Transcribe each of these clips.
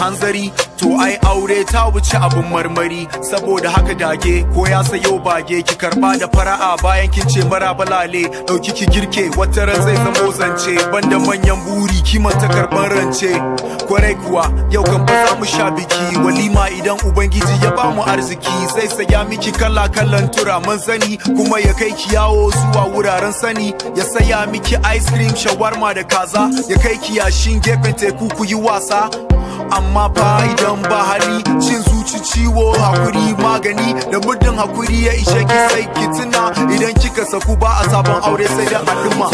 Hanzari to ai aure ta wuce abun marmari saboda haka dage ko ya sayo bage ki karba da fara'a bayan kin ce mara balale dauki ki girke wata ran zai zamo zance banda manyan buri ta karban rance kwarai kuwa yau kan fa za mu sha biki walima idan ubangiji ya bamu arziki zai saya miki kala kalan turaman sani kuma ya kai ki yawo zuwa wuraren sani ya saya miki ice cream shawarma da kaza ya kai ki yashin gefen teku ku yi wasa amma fa idan kan bahari cin zuci ciwo hakuri magani da muddin hakuri ya ishe ki sai ki tuna idan kika saku ba a sabon aure sai da al'umma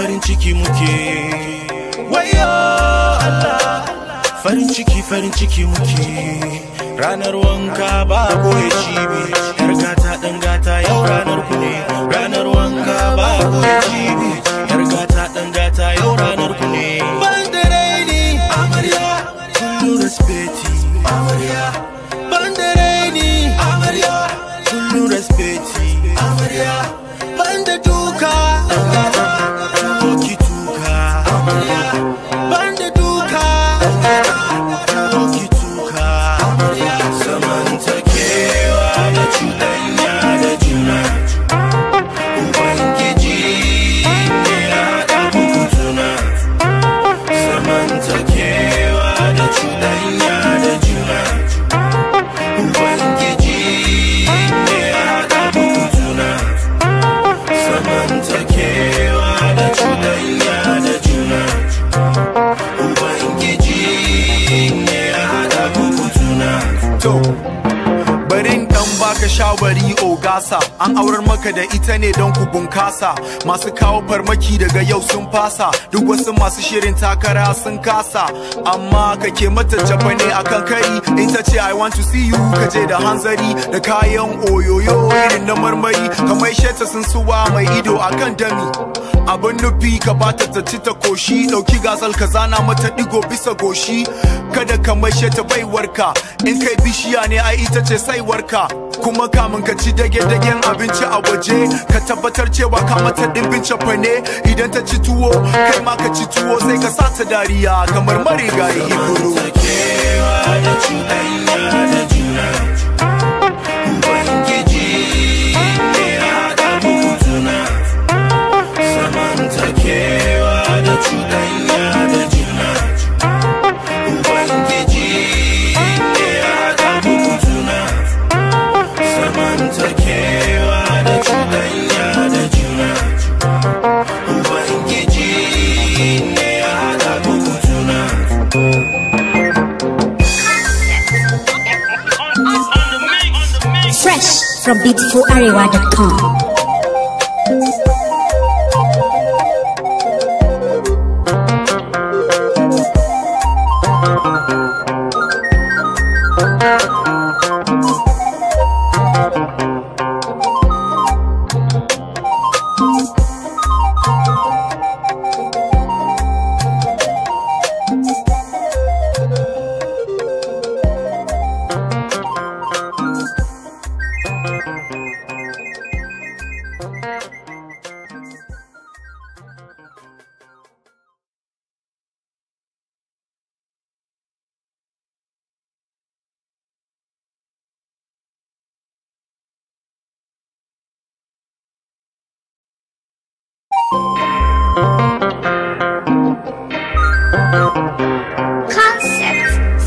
farin ciki muke wayo Allah farin ciki farin ciki muke ranar wanka ba goye shi be yar gata dan gata yau ranar ku ne ranar wanka ba goye shi it. nan baka shawari ogasa an aurar maka da ita ne don ku bunkasa masu kawo farmaki daga yau sun fasa duk wasu masu shirin takara sun kasa amma kake mata jaba ne akan kai. ita ce i want to see you kaje da hanzari da kayan oyoyo irin na marmari kamar sheta sun suwa mai ido akan dami abin nufi ka bata ta ci ta koshi dauki gasar ka zana mata digo bisa goshi kada ka maishe baiwarka in kai bishiya ne ai ita ce saiwarka kuma kamun ka ci dage-dagen abinci a waje ka tabbatar cewa ka mata ɗimbin cafa ne idan ta ci tuwo kai ma ka ci tuwo sai ka sa ta dariya kamar marigayi iburu from 4 beautifulareva.com.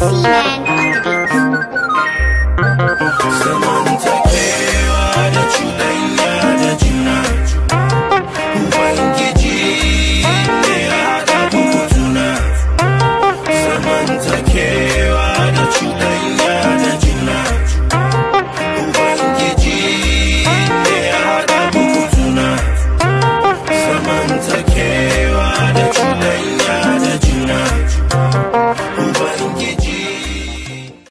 是命。